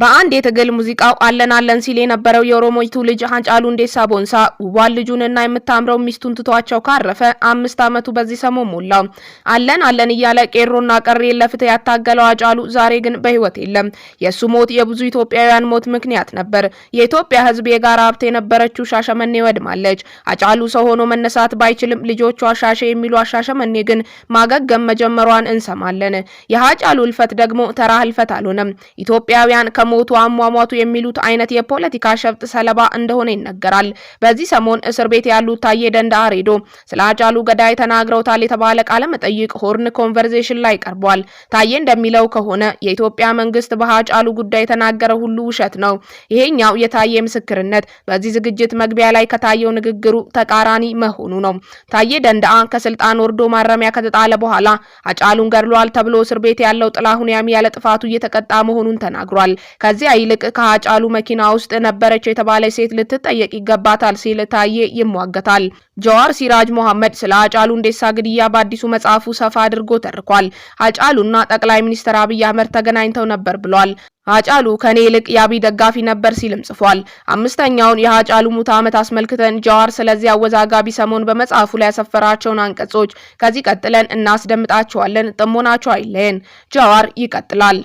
በአንድ የትግል ሙዚቃው አለን አለን ሲል የነበረው የኦሮሞ ልጅ ሀጫሉ ሁንዴሳ ቦንሳ ውቧን ልጁንና የምታምረው ሚስቱን ትቷቸው ካረፈ አምስት ዓመቱ በዚህ ሰሞን ሞላው። አለን አለን እያለ ቄሮና ቀሬ ለፍትህ ያታገለው አጫሉ ዛሬ ግን በህይወት የለም። የእሱ ሞት የብዙ ኢትዮጵያውያን ሞት ምክንያት ነበር። የኢትዮጵያ ህዝብ የጋራ ሀብት የነበረችው ሻሸመኔ ወድማለች። አጫሉ ሰው ሆኖ መነሳት ባይችልም ልጆቿ ሻሸ የሚሉ ሻሸመኔ ግን ማገገም መጀመሯን እንሰማለን። የሀጫሉ ልፈት ደግሞ ተራ አልሆነም። ኢትዮጵያውያን ከሞቱ አሟሟቱ የሚሉት አይነት የፖለቲካ ሸፍጥ ሰለባ እንደሆነ ይነገራል። በዚህ ሰሞን እስር ቤት ያሉት ታዬ ደንደዓ ሬዶ ስለ አጫሉ ገዳይ ተናግረውታል የተባለ ቃለ መጠይቅ ሆርን ኮንቨርዜሽን ላይ ቀርቧል። ታዬ እንደሚለው ከሆነ የኢትዮጵያ መንግስት በአጫሉ ጉዳይ የተናገረ ሁሉ ውሸት ነው። ይሄኛው የታዬ ምስክርነት በዚህ ዝግጅት መግቢያ ላይ ከታየው ንግግሩ ተቃራኒ መሆኑ ነው። ታዬ ደንደአ ከስልጣን ወርዶ ማረሚያ ከተጣለ በኋላ አጫሉን ገድሏል ተብሎ እስር ቤት ያለው ጥላሁን ያም ያለ ጥፋቱ እየተቀጣ መሆኑን ተናግሯል። ከዚያ ይልቅ ከሀጫሉ መኪና ውስጥ ነበረች የተባለች ሴት ልትጠየቅ ይገባታል ሲል ታዬ ይሟገታል። ጀዋር ሲራጅ ሞሐመድ ስለ አጫሉ እንዴሳ ግድያ በአዲሱ መጽሐፉ ሰፋ አድርጎ ተርኳል። አጫሉና ጠቅላይ ሚኒስትር አብይ አህመድ ተገናኝተው ነበር ብሏል። አጫሉ ከኔ ይልቅ የአብይ ደጋፊ ነበር ሲልም ጽፏል። አምስተኛውን የሀጫሉ ሙት ዓመት አስመልክተን ጀዋር ስለዚህ አወዛጋቢ ሰሞን በመጽሐፉ ላይ ያሰፈራቸውን አንቀጾች ከዚህ ቀጥለን እናስደምጣቸዋለን። ጥሞናቸው አይለየን። ጀዋር ይቀጥላል።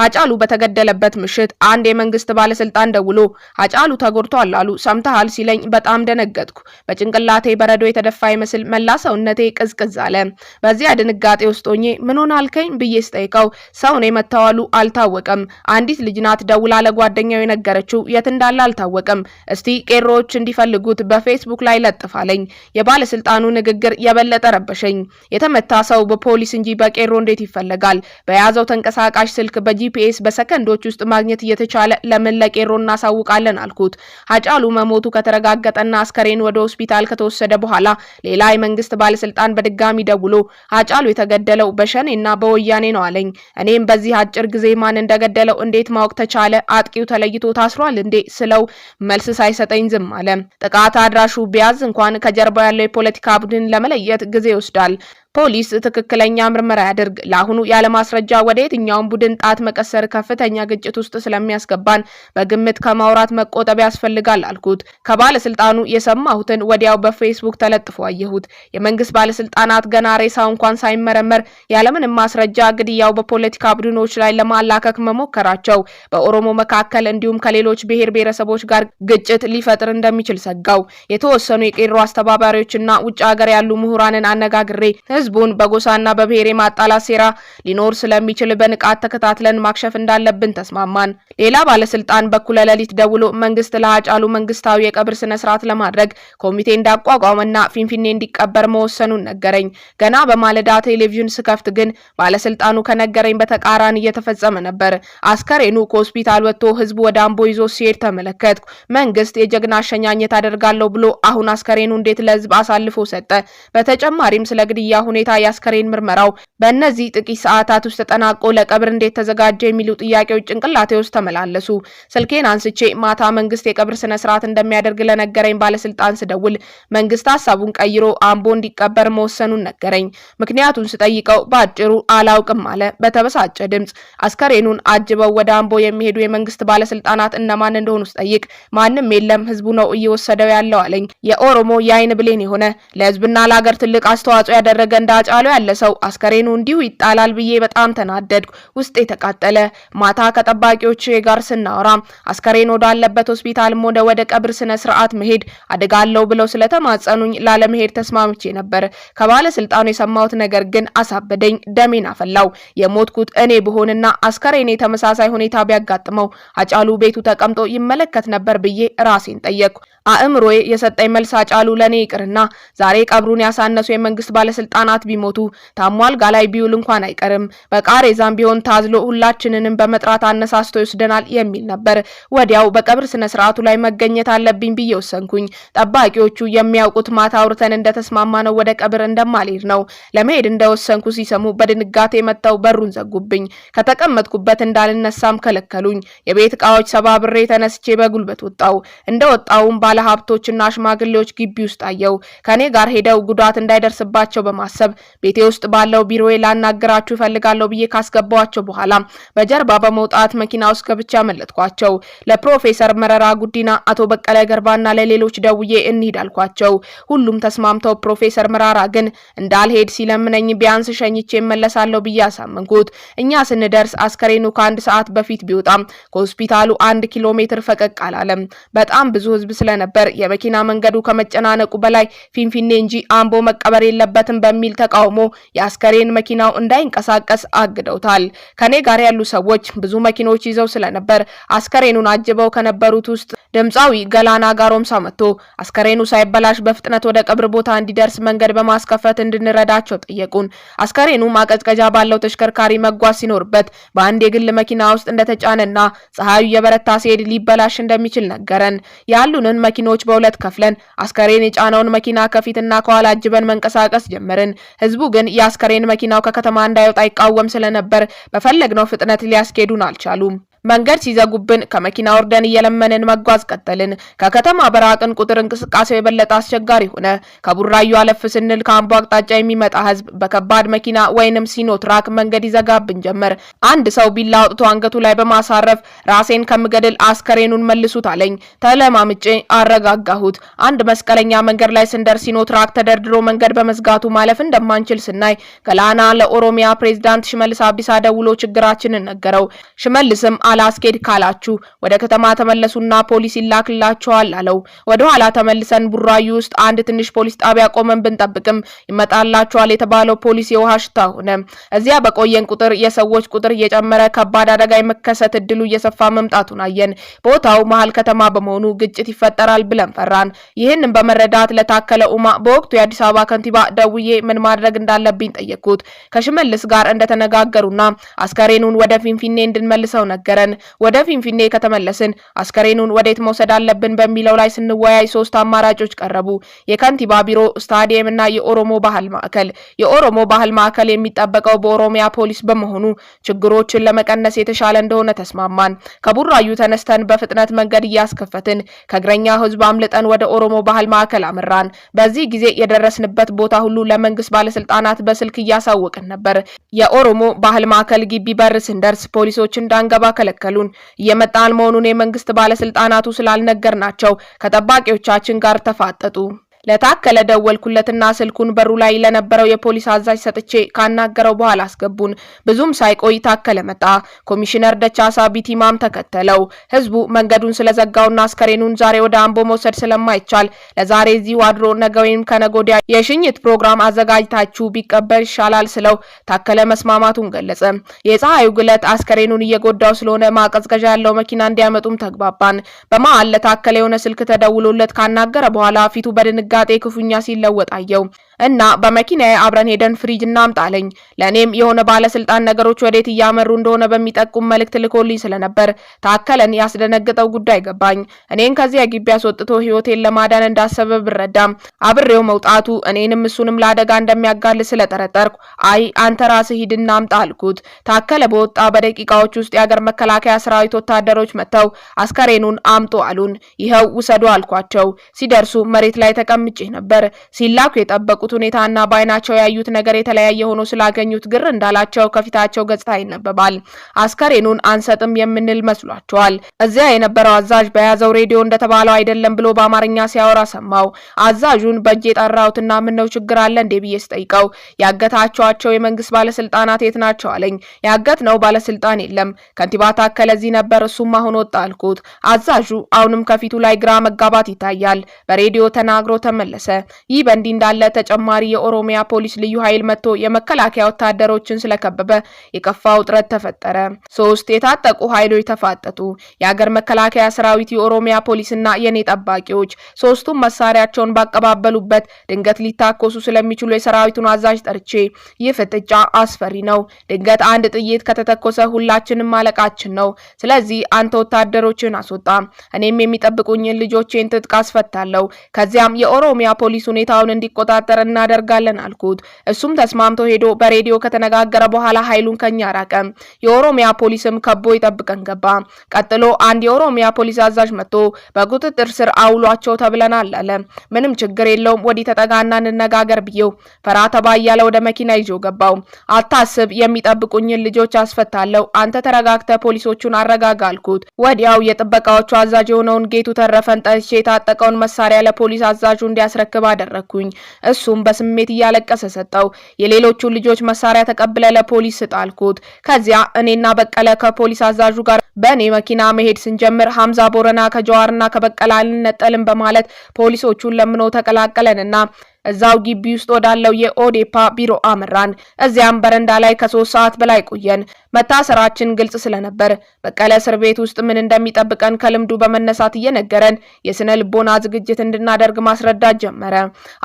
ሀጫሉ በተገደለበት ምሽት አንድ የመንግስት ባለስልጣን ደውሎ ሀጫሉ ተጎድቷል አሉ ሰምተሃል ሲለኝ በጣም ደነገጥኩ። በጭንቅላቴ በረዶ የተደፋ ይመስል መላ ሰውነቴ ቅዝቅዝ አለ። በዚያ ድንጋጤ ውስጥ ሆኜ ምን ሆነ አልከኝ ብዬ ስጠይቀው ሰው ነው መታወሉ አልታወቀም። አንዲት ልጅ ናት ደውላ ለጓደኛው የነገረችው የት እንዳለ አልታወቀም። እስቲ ቄሮዎች እንዲፈልጉት በፌስቡክ ላይ ለጥፋለኝ። የባለስልጣኑ ንግግር የበለጠ ረበሸኝ። የተመታ ሰው በፖሊስ እንጂ በቄሮ እንዴት ይፈለጋል? በያዘው ተንቀሳቃሽ ስልክ በጂ ጂፒኤስ በሰከንዶች ውስጥ ማግኘት እየተቻለ ለምን ለቄሮ እናሳውቃለን አልኩት። ሀጫሉ መሞቱ ከተረጋገጠና አስከሬን ወደ ሆስፒታል ከተወሰደ በኋላ ሌላ የመንግስት ባለስልጣን በድጋሚ ደውሎ ሀጫሉ የተገደለው በሸኔና በወያኔ ነው አለኝ። እኔም በዚህ አጭር ጊዜ ማን እንደገደለው እንዴት ማወቅ ተቻለ? አጥቂው ተለይቶ ታስሯል እንዴ ስለው መልስ ሳይሰጠኝ ዝም አለ። ጥቃት አድራሹ ቢያዝ እንኳን ከጀርባ ያለው የፖለቲካ ቡድን ለመለየት ጊዜ ይወስዳል። ፖሊስ ትክክለኛ ምርመራ ያድርግ። ለአሁኑ ያለማስረጃ ወደ የትኛውን ቡድን ጣት መቀሰር ከፍተኛ ግጭት ውስጥ ስለሚያስገባን በግምት ከማውራት መቆጠብ ያስፈልጋል አልኩት። ከባለስልጣኑ የሰማሁትን ወዲያው በፌስቡክ ተለጥፎ አየሁት። የመንግስት ባለስልጣናት ገና ሬሳው እንኳን ሳይመረመር ያለምንም ማስረጃ ግድያው በፖለቲካ ቡድኖች ላይ ለማላከክ መሞከራቸው በኦሮሞ መካከል እንዲሁም ከሌሎች ብሔር ብሔረሰቦች ጋር ግጭት ሊፈጥር እንደሚችል ሰጋው። የተወሰኑ የቄሮ አስተባባሪዎችና ውጭ ሀገር ያሉ ምሁራንን አነጋግሬ ህዝቡን በጎሳና በብሔር የማጣላት ሴራ ሊኖር ስለሚችል በንቃት ተከታትለን ማክሸፍ እንዳለብን ተስማማን። ሌላ ባለስልጣን በኩለ ሌሊት ደውሎ መንግስት ለሀጫሉ መንግስታዊ የቀብር ስነ ስርዓት ለማድረግ ኮሚቴ እንዳቋቋመና ፊንፊኔ እንዲቀበር መወሰኑን ነገረኝ። ገና በማለዳ ቴሌቪዥን ስከፍት ግን ባለስልጣኑ ከነገረኝ በተቃራን እየተፈጸመ ነበር። አስከሬኑ ከሆስፒታል ወጥቶ ህዝቡ ወደ አምቦ ይዞ ሲሄድ ተመለከትኩ። መንግስት የጀግና አሸኛኘት አደርጋለሁ ብሎ አሁን አስከሬኑ እንዴት ለህዝብ አሳልፎ ሰጠ? በተጨማሪም ስለ ግድያ ሁኔታ የአስከሬን ምርመራው በእነዚህ ጥቂት ሰዓታት ውስጥ ተጠናቆ ለቀብር እንዴት ተዘጋጀ የሚሉ ጥያቄዎች ጭንቅላቴ ውስጥ ተመላለሱ። ስልኬን አንስቼ ማታ መንግስት የቀብር ስነ ስርዓት እንደሚያደርግ ለነገረኝ ባለስልጣን ስደውል መንግስት ሀሳቡን ቀይሮ አምቦ እንዲቀበር መወሰኑን ነገረኝ። ምክንያቱን ስጠይቀው በአጭሩ አላውቅም አለ በተበሳጨ ድምፅ። አስከሬኑን አጅበው ወደ አምቦ የሚሄዱ የመንግስት ባለስልጣናት እነማን እንደሆኑ ስጠይቅ ማንም የለም፣ ህዝቡ ነው እየወሰደው ያለው አለኝ። የኦሮሞ የአይን ብሌን የሆነ ለህዝብና ለሀገር ትልቅ አስተዋጽኦ ያደረገ እንዳጫሉ ያለ ሰው አስከሬኑ እንዲሁ ይጣላል ብዬ በጣም ተናደድኩ። ውስጥ የተቃጠለ ማታ ከጠባቂዎች ጋር ስናወራ አስከሬን ወዳለበት ሆስፒታልም ሆነ ወደ ቀብር ስነ ስርዓት መሄድ አደጋለው ብለው ስለተማጸኑኝ ላለመሄድ ተስማምቼ ነበር። ከባለስልጣኑ የሰማሁት ነገር ግን አሳበደኝ፣ ደሜን አፈላው። የሞትኩት እኔ ብሆንና አስከሬኔ ተመሳሳይ ሁኔታ ቢያጋጥመው አጫሉ ቤቱ ተቀምጦ ይመለከት ነበር ብዬ ራሴን ጠየቅኩ። አእምሮዬ የሰጠኝ መልስ አጫሉ ለእኔ ይቅርና ዛሬ ቀብሩን ያሳነሱ የመንግስት ባለስልጣናት ህጻናት ቢሞቱ ታሞ አልጋ ላይ ቢውል እንኳን አይቀርም በቃሬዛም ቢሆን ታዝሎ ሁላችንንም በመጥራት አነሳስቶ ይወስደናል የሚል ነበር። ወዲያው በቀብር ስነ ስርዓቱ ላይ መገኘት አለብኝ ብዬ ወሰንኩኝ። ጠባቂዎቹ የሚያውቁት ማታ አውርተን እንደተስማማ ነው ወደ ቀብር እንደማልሄድ ነው። ለመሄድ እንደወሰንኩ ሲሰሙ በድንጋቴ መጥተው በሩን ዘጉብኝ። ከተቀመጥኩበት እንዳልነሳም ከለከሉኝ። የቤት እቃዎች ሰባብሬ ተነስቼ በጉልበት ወጣው። እንደ ወጣውም ባለሀብቶችና ሽማግሌዎች ግቢ ውስጥ አየው። ከእኔ ጋር ሄደው ጉዳት እንዳይደርስባቸው በማሰብ ቤተሰብ ቤቴ ውስጥ ባለው ቢሮዬ ላናገራችሁ ይፈልጋለሁ ብዬ ካስገባዋቸው በኋላ በጀርባ በመውጣት መኪና ውስጥ ከብቻ መለጥኳቸው። ለፕሮፌሰር መረራ ጉዲና፣ አቶ በቀለ ገርባና ለሌሎች ደውዬ እንሂድ አልኳቸው። ሁሉም ተስማምተው ፕሮፌሰር መራራ ግን እንዳልሄድ ሲለምነኝ ቢያንስ ሸኝቼ እመለሳለሁ ብዬ አሳመንኩት። እኛ ስንደርስ አስከሬኑ ከአንድ ሰዓት በፊት ቢወጣም ከሆስፒታሉ አንድ ኪሎ ሜትር ፈቀቅ አላለም። በጣም ብዙ ህዝብ ስለነበር የመኪና መንገዱ ከመጨናነቁ በላይ ፊንፊኔ እንጂ አምቦ መቀበር የለበትም በሚል በሚል ተቃውሞ የአስከሬን መኪናው እንዳይንቀሳቀስ አግደውታል። ከኔ ጋር ያሉ ሰዎች ብዙ መኪኖች ይዘው ስለነበር አስከሬኑን አጅበው ከነበሩት ውስጥ ድምፃዊ ገላና ጋሮምሳ መጥቶ አስከሬኑ ሳይበላሽ በፍጥነት ወደ ቀብር ቦታ እንዲደርስ መንገድ በማስከፈት እንድንረዳቸው ጠየቁን። አስከሬኑ ማቀዝቀዣ ባለው ተሽከርካሪ መጓዝ ሲኖርበት በአንድ የግል መኪና ውስጥ እንደተጫነና ፀሐዩ የበረታ ሲሄድ ሊበላሽ እንደሚችል ነገረን። ያሉንን መኪኖች በሁለት ከፍለን አስከሬን የጫነውን መኪና ከፊትና ከኋላ አጅበን መንቀሳቀስ ጀመርን። ህዝቡ ግን የአስከሬን መኪናው ከከተማ እንዳይወጣ ይቃወም ስለነበር በፈለግነው ፍጥነት ሊያስኬዱን አልቻሉም። መንገድ ሲዘጉብን ከመኪና ወርደን እየለመንን መጓዝ ቀጠልን። ከከተማ በራቅን ቁጥር እንቅስቃሴው የበለጠ አስቸጋሪ ሆነ። ከቡራዩ አለፍ ስንል ከአምቦ አቅጣጫ የሚመጣ ህዝብ በከባድ መኪና ወይንም ሲኖትራክ መንገድ ይዘጋብን ጀመር። አንድ ሰው ቢላ አውጥቶ አንገቱ ላይ በማሳረፍ ራሴን ከምገድል አስከሬኑን መልሱት አለኝ። ተለማምጬ አረጋጋሁት። አንድ መስቀለኛ መንገድ ላይ ስንደርስ ትራክ ተደርድሮ መንገድ በመዝጋቱ ማለፍ እንደማንችል ስናይ ገላና ለኦሮሚያ ፕሬዝዳንት ሽመልስ አብዲሳ ደውሎ ችግራችንን ነገረው። ሽመልስም አላስኬድ ካላችሁ ወደ ከተማ ተመለሱና ፖሊስ ይላክላችኋል አለው። ወደ ኋላ ተመልሰን ቡራዩ ውስጥ አንድ ትንሽ ፖሊስ ጣቢያ ቆመን ብንጠብቅም ይመጣላችኋል የተባለው ፖሊስ የውሃ ሽታ ሆነ። እዚያ በቆየን ቁጥር የሰዎች ቁጥር እየጨመረ ከባድ አደጋ የመከሰት እድሉ እየሰፋ መምጣቱን አየን። ቦታው መሀል ከተማ በመሆኑ ግጭት ይፈጠራል ብለን ፈራን። ይህንን በመረዳት ለታከለ ኡማ በወቅቱ የአዲስ አበባ ከንቲባ ደውዬ ምን ማድረግ እንዳለብኝ ጠየቅኩት። ከሽመልስ ጋር እንደተነጋገሩና አስከሬኑን ወደ ፊንፊኔ እንድንመልሰው ነገረ። ተነጋግረን ወደ ፊንፊኔ ከተመለስን አስከሬኑን ወዴት መውሰድ አለብን በሚለው ላይ ስንወያይ ሶስት አማራጮች ቀረቡ። የከንቲባ ቢሮ፣ ስታዲየም እና የኦሮሞ ባህል ማዕከል። የኦሮሞ ባህል ማዕከል የሚጠበቀው በኦሮሚያ ፖሊስ በመሆኑ ችግሮችን ለመቀነስ የተሻለ እንደሆነ ተስማማን። ከቡራዩ ተነስተን በፍጥነት መንገድ እያስከፈትን ከእግረኛ ህዝብ አምልጠን ወደ ኦሮሞ ባህል ማዕከል አመራን። በዚህ ጊዜ የደረስንበት ቦታ ሁሉ ለመንግስት ባለስልጣናት በስልክ እያሳወቅን ነበር። የኦሮሞ ባህል ማዕከል ግቢ በር ስንደርስ ፖሊሶች እንዳንገባ ከለ እየከለከሉን እየመጣን መሆኑን የመንግስት ባለስልጣናቱ ስላልነገርናቸው ከጠባቂዎቻችን ጋር ተፋጠጡ ለታከለ ደወልኩለትና ስልኩን በሩ ላይ ለነበረው የፖሊስ አዛዥ ሰጥቼ ካናገረው በኋላ አስገቡን። ብዙም ሳይቆይ ታከለ መጣ። ኮሚሽነር ደቻሳ ቢቲማም ተከተለው። ህዝቡ መንገዱን ስለዘጋውና አስከሬኑን ዛሬ ወደ አምቦ መውሰድ ስለማይቻል ለዛሬ እዚሁ አድሮ ነገ ወይም የሽኝት ፕሮግራም አዘጋጅታችሁ ቢቀበል ይሻላል ስለው ታከለ መስማማቱን ገለጸ። የፀሐዩ ግለት አስከሬኑን እየጎዳው ስለሆነ ማቀዝቀዣ ያለው መኪና እንዲያመጡም ተግባባን። በመሀል ለታከለ የሆነ ስልክ ተደውሎለት ካናገረ በኋላ ፊቱ በድንጋ ድንጋጤ ክፉኛ ሲለወጣየው እና በመኪናዬ አብረን ሄደን ፍሪጅ እናምጣለኝ። ለእኔም የሆነ ባለስልጣን ነገሮች ወዴት እያመሩ እንደሆነ በሚጠቁም መልእክት ልኮልኝ ስለነበር ታከለን ያስደነግጠው ጉዳይ ገባኝ። እኔን ከዚያ ግቢ አስወጥቶ ህይወቴን ለማዳን እንዳሰበ ብረዳም አብሬው መውጣቱ እኔንም እሱንም ለአደጋ እንደሚያጋል ስለጠረጠርኩ አይ አንተ ራስህ ሂድ አምጣ አልኩት። ታከለ በወጣ በደቂቃዎች ውስጥ የአገር መከላከያ ሰራዊት ወታደሮች መጥተው አስከሬኑን አምጦ አሉን። ይኸው ውሰዱ አልኳቸው። ሲደርሱ መሬት ላይ ተቀምጬ ነበር። ሲላኩ የጠበቁት በተረዱት ሁኔታና በአይናቸው ያዩት ነገር የተለያየ ሆኖ ስላገኙት ግር እንዳላቸው ከፊታቸው ገጽታ ይነበባል። አስከሬኑን አንሰጥም የምንል መስሏቸዋል። እዚያ የነበረው አዛዥ በያዘው ሬዲዮ እንደተባለው አይደለም ብሎ በአማርኛ ሲያወራ ሰማው። አዛዡን በእጅ የጠራሁትና ምነው ችግር አለ እንዴ ብዬ ስጠይቀው ያገታቸዋቸው የመንግስት ባለስልጣናት የት ናቸው አለኝ። ያገት ነው ባለስልጣን የለም። ከንቲባ ታከለ እዚህ ነበር፣ እሱም አሁን ወጣ አልኩት። አዛዡ አሁንም ከፊቱ ላይ ግራ መጋባት ይታያል። በሬዲዮ ተናግሮ ተመለሰ። ይህ በእንዲህ እንዳለ በተጨማሪ የኦሮሚያ ፖሊስ ልዩ ኃይል መጥቶ የመከላከያ ወታደሮችን ስለከበበ የከፋ ውጥረት ተፈጠረ። ሶስት የታጠቁ ኃይሎች ተፋጠጡ። የአገር መከላከያ ሰራዊት፣ የኦሮሚያ ፖሊስና የኔ ጠባቂዎች ሶስቱም መሳሪያቸውን ባቀባበሉበት ድንገት ሊታኮሱ ስለሚችሉ የሰራዊቱን አዛዥ ጠርቼ ይህ ፍጥጫ አስፈሪ ነው። ድንገት አንድ ጥይት ከተተኮሰ ሁላችንም ማለቃችን ነው። ስለዚህ አንተ ወታደሮችን አስወጣ፣ እኔም የሚጠብቁኝን ልጆቼን ትጥቅ አስፈታለሁ። ከዚያም የኦሮሚያ ፖሊስ ሁኔታውን እንዲቆጣጠር አብረን እናደርጋለን አልኩት። እሱም ተስማምቶ ሄዶ በሬዲዮ ከተነጋገረ በኋላ ኃይሉን ከኛ ራቀ። የኦሮሚያ ፖሊስም ከቦ ይጠብቀን ገባ። ቀጥሎ አንድ የኦሮሚያ ፖሊስ አዛዥ መጥቶ በቁጥጥር ስር አውሏቸው ተብለናል አለ። ምንም ችግር የለውም ወዲህ ተጠጋና እንነጋገር ብዬው ፈራ ተባ እያለ ወደ መኪና ይዞ ገባው። አታስብ የሚጠብቁኝን ልጆች አስፈታለሁ፣ አንተ ተረጋግተ ፖሊሶቹን አረጋጋ አልኩት። ወዲያው የጥበቃዎቹ አዛዥ የሆነውን ጌቱ ተረፈን ጠሽ የታጠቀውን መሳሪያ ለፖሊስ አዛዡ እንዲያስረክብ አደረግኩኝ። እሱ መልሱን በስሜት እያለቀሰ ሰጠው። የሌሎቹን ልጆች መሳሪያ ተቀብለ ለፖሊስ ስጣልኩት። ከዚያ እኔና በቀለ ከፖሊስ አዛዡ ጋር በእኔ መኪና መሄድ ስንጀምር ሀምዛ ቦረና ከጀዋርና ከበቀለ አንነጠልም በማለት ፖሊሶቹን ለምኖ ተቀላቀለንና እዛው ግቢ ውስጥ ወዳለው የኦዴፓ ቢሮ አመራን። እዚያም በረንዳ ላይ ከሶስት ሰዓት በላይ ቆየን። መታሰራችን ግልጽ ስለነበር በቀለ እስር ቤት ውስጥ ምን እንደሚጠብቀን ከልምዱ በመነሳት እየነገረን የስነ ልቦና ዝግጅት እንድናደርግ ማስረዳት ጀመረ።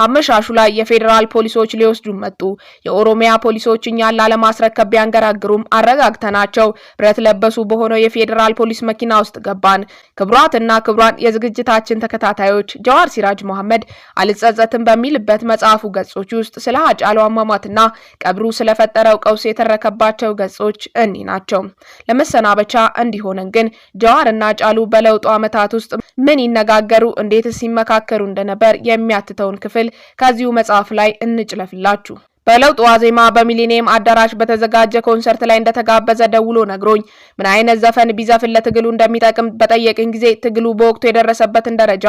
አመሻሹ ላይ የፌዴራል ፖሊሶች ሊወስዱ መጡ። የኦሮሚያ ፖሊሶች እኛን ላለማስረከብ ቢያንገራግሩም አረጋግተናቸው ብረት ለበሱ በሆነው የፌዴራል ፖሊስ መኪና ውስጥ ገባን። ክቡራትና ክቡራን የዝግጅታችን ተከታታዮች ጀዋር ሲራጅ መሐመድ አልጸጸትም በሚል በሚገኝበት መጽሐፉ ገጾች ውስጥ ስለ ሀጫሉ አሟሟትና ቀብሩ ስለፈጠረው ቀውስ የተረከባቸው ገጾች እኒ ናቸው። ለመሰናበቻ እንዲሆነን ግን ጀዋርና ሀጫሉ በለውጡ ዓመታት ውስጥ ምን ይነጋገሩ፣ እንዴትስ ይመካከሩ እንደነበር የሚያትተውን ክፍል ከዚሁ መጽሐፍ ላይ እንጭለፍላችሁ። በለውጥ ዋዜማ በሚሊኒየም አዳራሽ በተዘጋጀ ኮንሰርት ላይ እንደተጋበዘ ደውሎ ነግሮኝ ምን አይነት ዘፈን ቢዘፍን ለትግሉ እንደሚጠቅም በጠየቅን ጊዜ ትግሉ በወቅቱ የደረሰበትን ደረጃ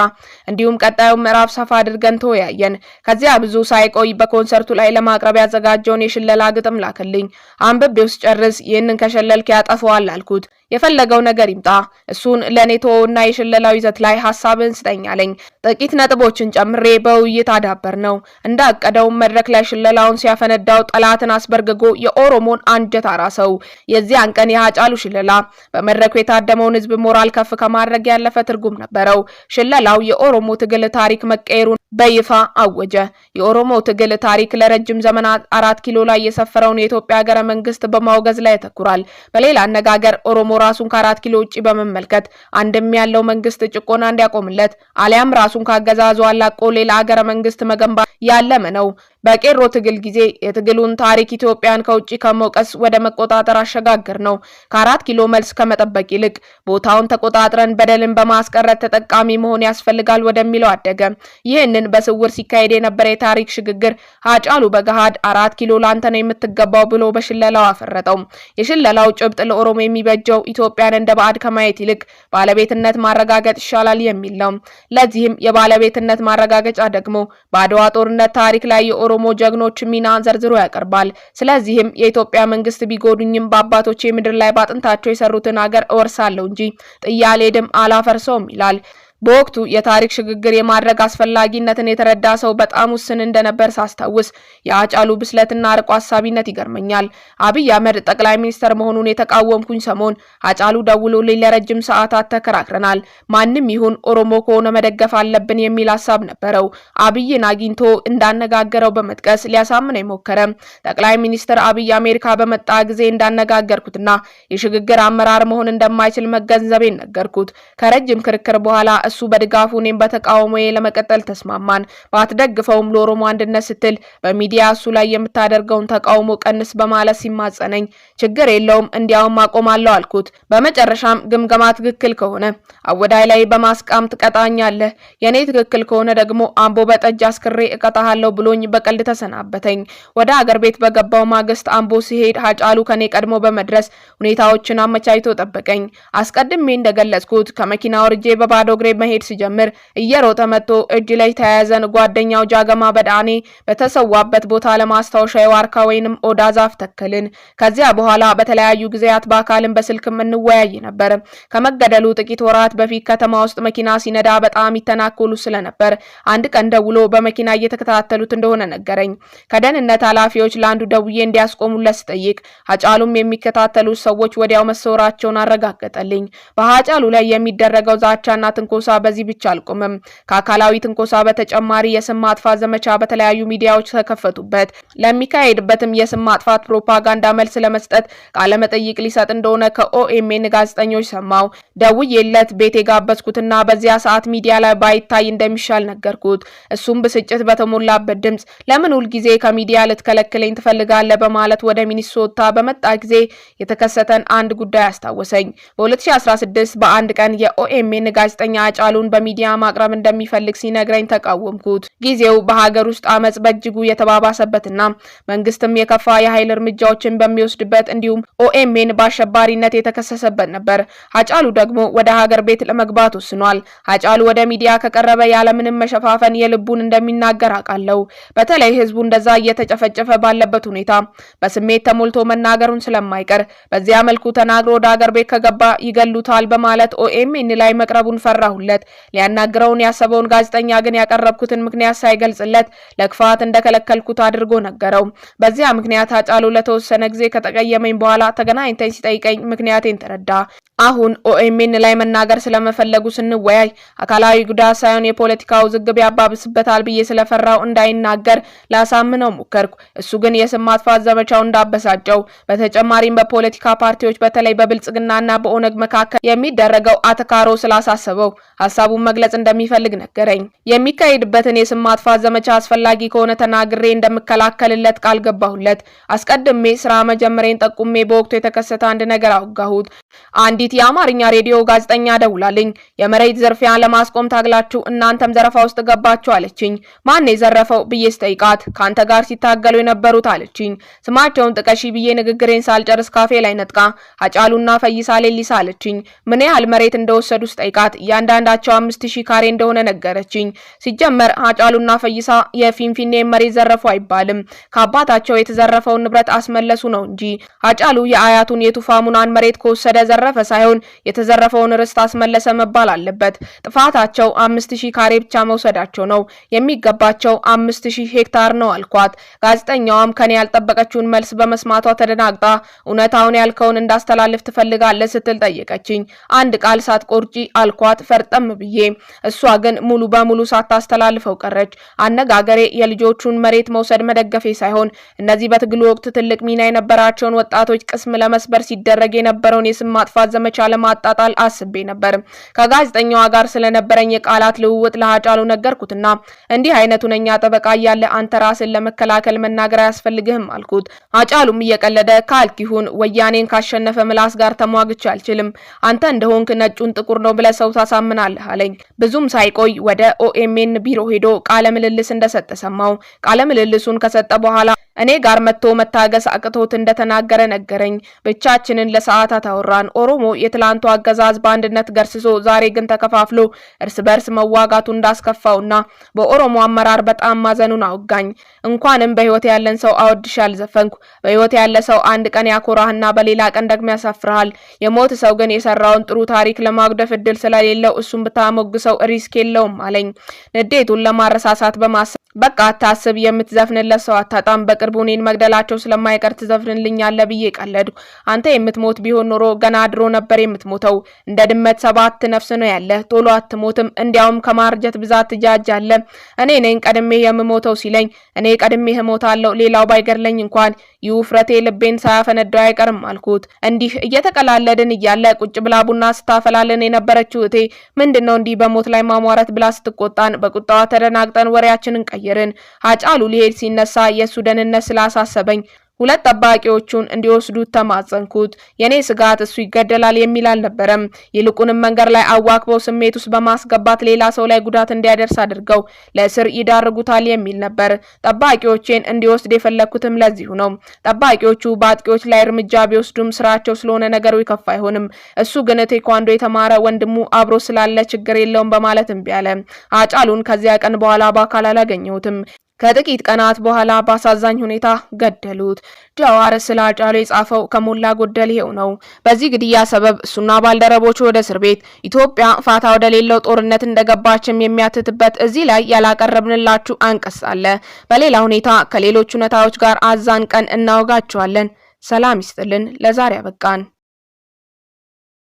እንዲሁም ቀጣዩን ምዕራፍ ሰፋ አድርገን ተወያየን። ከዚያ ብዙ ሳይቆይ በኮንሰርቱ ላይ ለማቅረብ ያዘጋጀውን የሽለላ ግጥም ላክልኝ። ውስጥ ጨርስ፣ ይህንን ከሸለልክ ያጠፈዋል አልኩት። የፈለገው ነገር ይምጣ፣ እሱን ለኔቶ እና የሽለላው ይዘት ላይ ሀሳብን ስጠኝ አለኝ። ጥቂት ነጥቦችን ጨምሬ በውይይት አዳበር ነው። እንዳቀደው መድረክ ላይ ሽለላውን ሲያፈነዳው ጠላትን አስበርግጎ የኦሮሞን አንጀት አራሰው። የዚያን ቀን የሀጫሉ ሽለላ በመድረኩ የታደመውን ህዝብ ሞራል ከፍ ከማድረግ ያለፈ ትርጉም ነበረው። ሽለላው የኦሮሞ ትግል ታሪክ መቀየሩን በይፋ አወጀ። የኦሮሞ ትግል ታሪክ ለረጅም ዘመናት አራት ኪሎ ላይ የሰፈረውን የኢትዮጵያ ሀገረ መንግስት በማውገዝ ላይ ያተኩራል። በሌላ አነጋገር ኦሮሞ ራሱን ከአራት ኪሎ ውጭ በመመልከት አንድም ያለው መንግስት ጭቆና እንዲያቆምለት አሊያም ራሱን ካገዛዙ አላቆ ሌላ ሀገረ መንግስት መገንባት ያለመ ነው። በቄሮ ትግል ጊዜ የትግሉን ታሪክ ኢትዮጵያን ከውጭ ከመውቀስ ወደ መቆጣጠር አሸጋገር ነው። ከአራት ኪሎ መልስ ከመጠበቅ ይልቅ ቦታውን ተቆጣጥረን በደልን በማስቀረት ተጠቃሚ መሆን ያስፈልጋል ወደሚለው አደገ። ይህንን በስውር ሲካሄድ የነበረ የታሪክ ሽግግር ሀጫሉ በገሃድ አራት ኪሎ ላንተ ነው የምትገባው ብሎ በሽለላው አፈረጠው። የሽለላው ጭብጥ ለኦሮሞ የሚበጀው ኢትዮጵያን እንደ ባዕድ ከማየት ይልቅ ባለቤትነት ማረጋገጥ ይሻላል የሚል ነው። ለዚህም የባለቤትነት ማረጋገጫ ደግሞ በአድዋ ጦርነት ታሪክ ላይ የኦሮ የኦሮሞ ጀግኖች ሚና ዘርዝሮ ያቀርባል። ስለዚህም የኢትዮጵያ መንግስት ቢጎዱኝም በአባቶች የምድር ላይ ባጥንታቸው የሰሩትን አገር እወርሳለሁ እንጂ ጥያሌ ድም አላፈርሰውም ይላል። በወቅቱ የታሪክ ሽግግር የማድረግ አስፈላጊነትን የተረዳ ሰው በጣም ውስን እንደነበር ሳስታውስ የአጫሉ ብስለትና አርቆ ሀሳቢነት ይገርመኛል። አብይ አህመድ ጠቅላይ ሚኒስተር መሆኑን የተቃወምኩኝ ሰሞን አጫሉ ደውሎልኝ ለረጅም ሰዓታት ተከራክረናል። ማንም ይሁን ኦሮሞ ከሆነ መደገፍ አለብን የሚል ሀሳብ ነበረው። አብይን አግኝቶ እንዳነጋገረው በመጥቀስ ሊያሳምን አይሞከረም። ጠቅላይ ሚኒስትር አብይ አሜሪካ በመጣ ጊዜ እንዳነጋገርኩትና የሽግግር አመራር መሆን እንደማይችል መገንዘቤን ነገርኩት። ከረጅም ክርክር በኋላ እሱ በድጋፉ እኔም በተቃውሞ ለመቀጠል ተስማማን። ባትደግፈውም ለኦሮሞ አንድነት ስትል በሚዲያ እሱ ላይ የምታደርገውን ተቃውሞ ቀንስ በማለት ሲማጸነኝ ችግር የለውም እንዲያውም አቆማለሁ አልኩት። በመጨረሻም ግምገማ ትክክል ከሆነ አወዳይ ላይ በማስቃም ትቀጣኛለህ፣ የእኔ ትክክል ከሆነ ደግሞ አምቦ በጠጅ አስክሬ እቀጣሃለሁ ብሎኝ በቀልድ ተሰናበተኝ። ወደ አገር ቤት በገባው ማግስት አምቦ ሲሄድ ሀጫሉ ከኔ ቀድሞ በመድረስ ሁኔታዎችን አመቻችቶ ጠበቀኝ። አስቀድሜ እንደገለጽኩት ከመኪና ወርጄ በባዶ እግሬ መሄድ ሲጀምር እየሮጠ መጥቶ እጅ ላይ ተያያዘን። ጓደኛው ጃገማ በዳኔ በተሰዋበት ቦታ ለማስታወሻ የዋርካ ወይንም ኦዳ ዛፍ ተከልን። ከዚያ በኋላ በተለያዩ ጊዜያት በአካልም በስልክም እንወያይ ነበር። ከመገደሉ ጥቂት ወራት በፊት ከተማ ውስጥ መኪና ሲነዳ በጣም ይተናኮሉ ስለነበር አንድ ቀን ደውሎ በመኪና እየተከታተሉት እንደሆነ ነገረኝ። ከደህንነት ኃላፊዎች ለአንዱ ደውዬ እንዲያስቆሙለት ስጠይቅ ሀጫሉም የሚከታተሉት ሰዎች ወዲያው መሰወራቸውን አረጋገጠልኝ። በሀጫሉ ላይ የሚደረገው ዛቻና ትንኮሳ ትንኮሳ በዚህ ብቻ አልቆምም። ከአካላዊ ትንኮሳ በተጨማሪ የስም ማጥፋት ዘመቻ በተለያዩ ሚዲያዎች ተከፈቱበት። ለሚካሄድበትም የስም ማጥፋት ፕሮፓጋንዳ መልስ ለመስጠት ቃለመጠይቅ ሊሰጥ እንደሆነ ከኦኤምኤን ጋዜጠኞች ሰማው። ደውዬለት ቤት የጋበዝኩትና በዚያ ሰዓት ሚዲያ ላይ ባይታይ እንደሚሻል ነገርኩት። እሱም ብስጭት በተሞላበት ድምፅ ለምን ሁልጊዜ ከሚዲያ ልትከለክለኝ ትፈልጋለ በማለት ወደ ሚኒሶታ በመጣ ጊዜ የተከሰተን አንድ ጉዳይ አስታወሰኝ። በ2016 በአንድ ቀን የኦኤምኤን ጋዜጠኛ ሀጫሉን በሚዲያ ማቅረብ እንደሚፈልግ ሲነግረኝ ተቃወምኩት። ጊዜው በሀገር ውስጥ አመፅ በእጅጉ የተባባሰበትና መንግስትም የከፋ የኃይል እርምጃዎችን በሚወስድበት እንዲሁም ኦኤምኤን በአሸባሪነት የተከሰሰበት ነበር። ሀጫሉ ደግሞ ወደ ሀገር ቤት ለመግባት ወስኗል። ሀጫሉ ወደ ሚዲያ ከቀረበ ያለምንም መሸፋፈን የልቡን እንደሚናገር አውቃለሁ። በተለይ ህዝቡ እንደዛ እየተጨፈጨፈ ባለበት ሁኔታ በስሜት ተሞልቶ መናገሩን ስለማይቀር በዚያ መልኩ ተናግሮ ወደ ሀገር ቤት ከገባ ይገሉታል በማለት ኦኤምኤን ላይ መቅረቡን ፈራሁል። ተከለከሉለት። ሊያናግረውን ያሰበውን ጋዜጠኛ ግን ያቀረብኩትን ምክንያት ሳይገልጽለት ለክፋት እንደከለከልኩት አድርጎ ነገረው። በዚያ ምክንያት አጫሉ ለተወሰነ ጊዜ ከጠቀየመኝ በኋላ ተገናኝተኝ ሲጠይቀኝ ምክንያቴን ተረዳ። አሁን ኦኤምኤን ላይ መናገር ስለመፈለጉ ስንወያይ አካላዊ ጉዳት ሳይሆን የፖለቲካ ውዝግብ ያባብስበታል ብዬ ስለፈራው እንዳይናገር ላሳምነው ሞከርኩ። እሱ ግን የስም ማጥፋት ዘመቻው እንዳበሳጨው፣ በተጨማሪም በፖለቲካ ፓርቲዎች በተለይ በብልጽግናና በኦነግ መካከል የሚደረገው አተካሮ ስላሳሰበው ሀሳቡን መግለጽ እንደሚፈልግ ነገረኝ። የሚካሄድበትን የስም ማጥፋት ዘመቻ አስፈላጊ ከሆነ ተናግሬ እንደምከላከልለት ቃል ገባሁለት። አስቀድሜ ስራ መጀመሬን ጠቁሜ በወቅቱ የተከሰተ አንድ ነገር አወጋሁት። አንዲት የአማርኛ ሬዲዮ ጋዜጠኛ ደውላልኝ የመሬት ዝርፊያን ለማስቆም ታግላችሁ እናንተም ዘረፋ ውስጥ ገባችሁ አለችኝ። ማን የዘረፈው ብዬ ስጠይቃት ከአንተ ጋር ሲታገሉ የነበሩት አለችኝ። ስማቸውን ጥቀሺ ብዬ ንግግሬን ሳልጨርስ ካፌ ላይ ነጥቃ አጫሉና ፈይሳ ሌሊሳ አለችኝ። ምን ያህል መሬት እንደወሰዱ ስጠይቃት እያንዳንድ እያንዳንዳቸው አምስት ሺህ ካሬ እንደሆነ ነገረችኝ። ሲጀመር ሀጫሉና ፈይሳ የፊንፊኔ መሬት ዘረፉ አይባልም። ከአባታቸው የተዘረፈውን ንብረት አስመለሱ ነው እንጂ ሀጫሉ የአያቱን የቱፋ ሙናን መሬት ከወሰደ ዘረፈ ሳይሆን የተዘረፈውን ርስት አስመለሰ መባል አለበት። ጥፋታቸው አምስት ሺህ ካሬ ብቻ መውሰዳቸው ነው። የሚገባቸው አምስት ሺህ ሄክታር ነው አልኳት። ጋዜጠኛዋም ከኔ ያልጠበቀችውን መልስ በመስማቷ ተደናግጣ እውነታውን ያልከውን እንዳስተላልፍ ትፈልጋለህ ስትል ጠየቀችኝ። አንድ ቃል ሳትቆርጪ አልኳት። ፈርጠ ጠመጠም ብዬ እሷ ግን ሙሉ በሙሉ ሳታስተላልፈው ቀረች። አነጋገሬ የልጆቹን መሬት መውሰድ መደገፌ ሳይሆን እነዚህ በትግሉ ወቅት ትልቅ ሚና የነበራቸውን ወጣቶች ቅስም ለመስበር ሲደረግ የነበረውን የስም ማጥፋት ዘመቻ ለማጣጣል አስቤ ነበር። ከጋዜጠኛዋ ጋር ስለነበረኝ የቃላት ልውውጥ ለሀጫሉ ነገርኩትና እንዲህ አይነት ሁነኛ ጠበቃ እያለ አንተ ራስን ለመከላከል መናገር አያስፈልግህም አልኩት። አጫሉም እየቀለደ ካልኪሁን ወያኔን ካሸነፈ ምላስ ጋር ተሟግቼ አልችልም። አንተ እንደሆንክ ነጩን ጥቁር ነው ብለህ ሰው ታሳምናል። ትሰጣለህ አለኝ። ብዙም ሳይቆይ ወደ ኦኤምኤን ቢሮ ሄዶ ቃለ ምልልስ እንደሰጠ ሰማው። ቃለ ምልልሱን ከሰጠ በኋላ እኔ ጋር መጥቶ መታገስ አቅቶት እንደተናገረ ነገረኝ። ብቻችንን ለሰዓታት አወራን። ኦሮሞ የትላንቱ አገዛዝ በአንድነት ገርስሶ ዛሬ ግን ተከፋፍሎ እርስ በርስ መዋጋቱ እንዳስከፋውና በኦሮሞ አመራር በጣም ማዘኑን አወጋኝ። እንኳንም በህይወት ያለን ሰው አወድሽ አልዘፈንኩ። በህይወት ያለ ሰው አንድ ቀን ያኮራህና በሌላ ቀን ደግሞ ያሳፍርሃል። የሞት ሰው ግን የሰራውን ጥሩ ታሪክ ለማጉደፍ እድል ስለሌለው እሱን ብታሞግሰው ሪስክ የለውም አለኝ። ንዴቱን ለማረሳሳት በማሰ በቃ አታስብ፣ የምትዘፍንለት ሰው አታጣም። በቅርቡ እኔን መግደላቸው ስለማይቀር ትዘፍንልኛለ ብዬ ቀለዱ። አንተ የምትሞት ቢሆን ኖሮ ገና ድሮ ነበር የምትሞተው። እንደ ድመት ሰባት ነፍስ ነው ያለ፣ ቶሎ አትሞትም። እንዲያውም ከማርጀት ብዛት ትጃጅ አለ። እኔ ነኝ ቀድሜ የምሞተው ሲለኝ፣ እኔ ቀድሜ እሞታለሁ ሌላው ባይገድለኝ እንኳን ይህ ውፍረቴ ልቤን ሳያፈነዳው አይቀርም አልኩት። እንዲህ እየተቀላለድን እያለ ቁጭ ብላ ቡና ስታፈላልን የነበረችው እቴ ምንድን ነው እንዲህ በሞት ላይ ማሟረት ብላ ስትቆጣን በቁጣዋ ተደናግጠን ወሬያችንን ቀየርን። አጫሉ ሊሄድ ሲነሳ የእሱ ደህንነት ስላሳሰበኝ ሁለት ጠባቂዎቹን እንዲወስዱት ተማጸንኩት። የኔ ስጋት እሱ ይገደላል የሚል አልነበረም። ይልቁንም መንገድ ላይ አዋክበው ስሜት ውስጥ በማስገባት ሌላ ሰው ላይ ጉዳት እንዲያደርስ አድርገው ለእስር ይዳርጉታል የሚል ነበር። ጠባቂዎቼን እንዲወስድ የፈለግኩትም ለዚሁ ነው። ጠባቂዎቹ በአጥቂዎች ላይ እርምጃ ቢወስዱም ስራቸው ስለሆነ ነገሩ ይከፋ አይሆንም። እሱ ግን ቴኳንዶ የተማረ ወንድሙ አብሮ ስላለ ችግር የለውም በማለት እምቢ አለ። አጫሉን ከዚያ ቀን በኋላ በአካል አላገኘሁትም። ከጥቂት ቀናት በኋላ በአሳዛኝ ሁኔታ ገደሉት። ጃዋር ስለ አጫሉ የጻፈው ከሞላ ጎደል ይሄው ነው። በዚህ ግድያ ሰበብ እሱና ባልደረቦቹ ወደ እስር ቤት ኢትዮጵያ ፋታ ወደሌለው ጦርነት እንደገባችም የሚያትትበት እዚህ ላይ ያላቀረብንላችሁ አንቀጽ አለ። በሌላ ሁኔታ ከሌሎች ሁኔታዎች ጋር አዛን ቀን እናወጋችኋለን። ሰላም ይስጥልን። ለዛሬ አበቃን።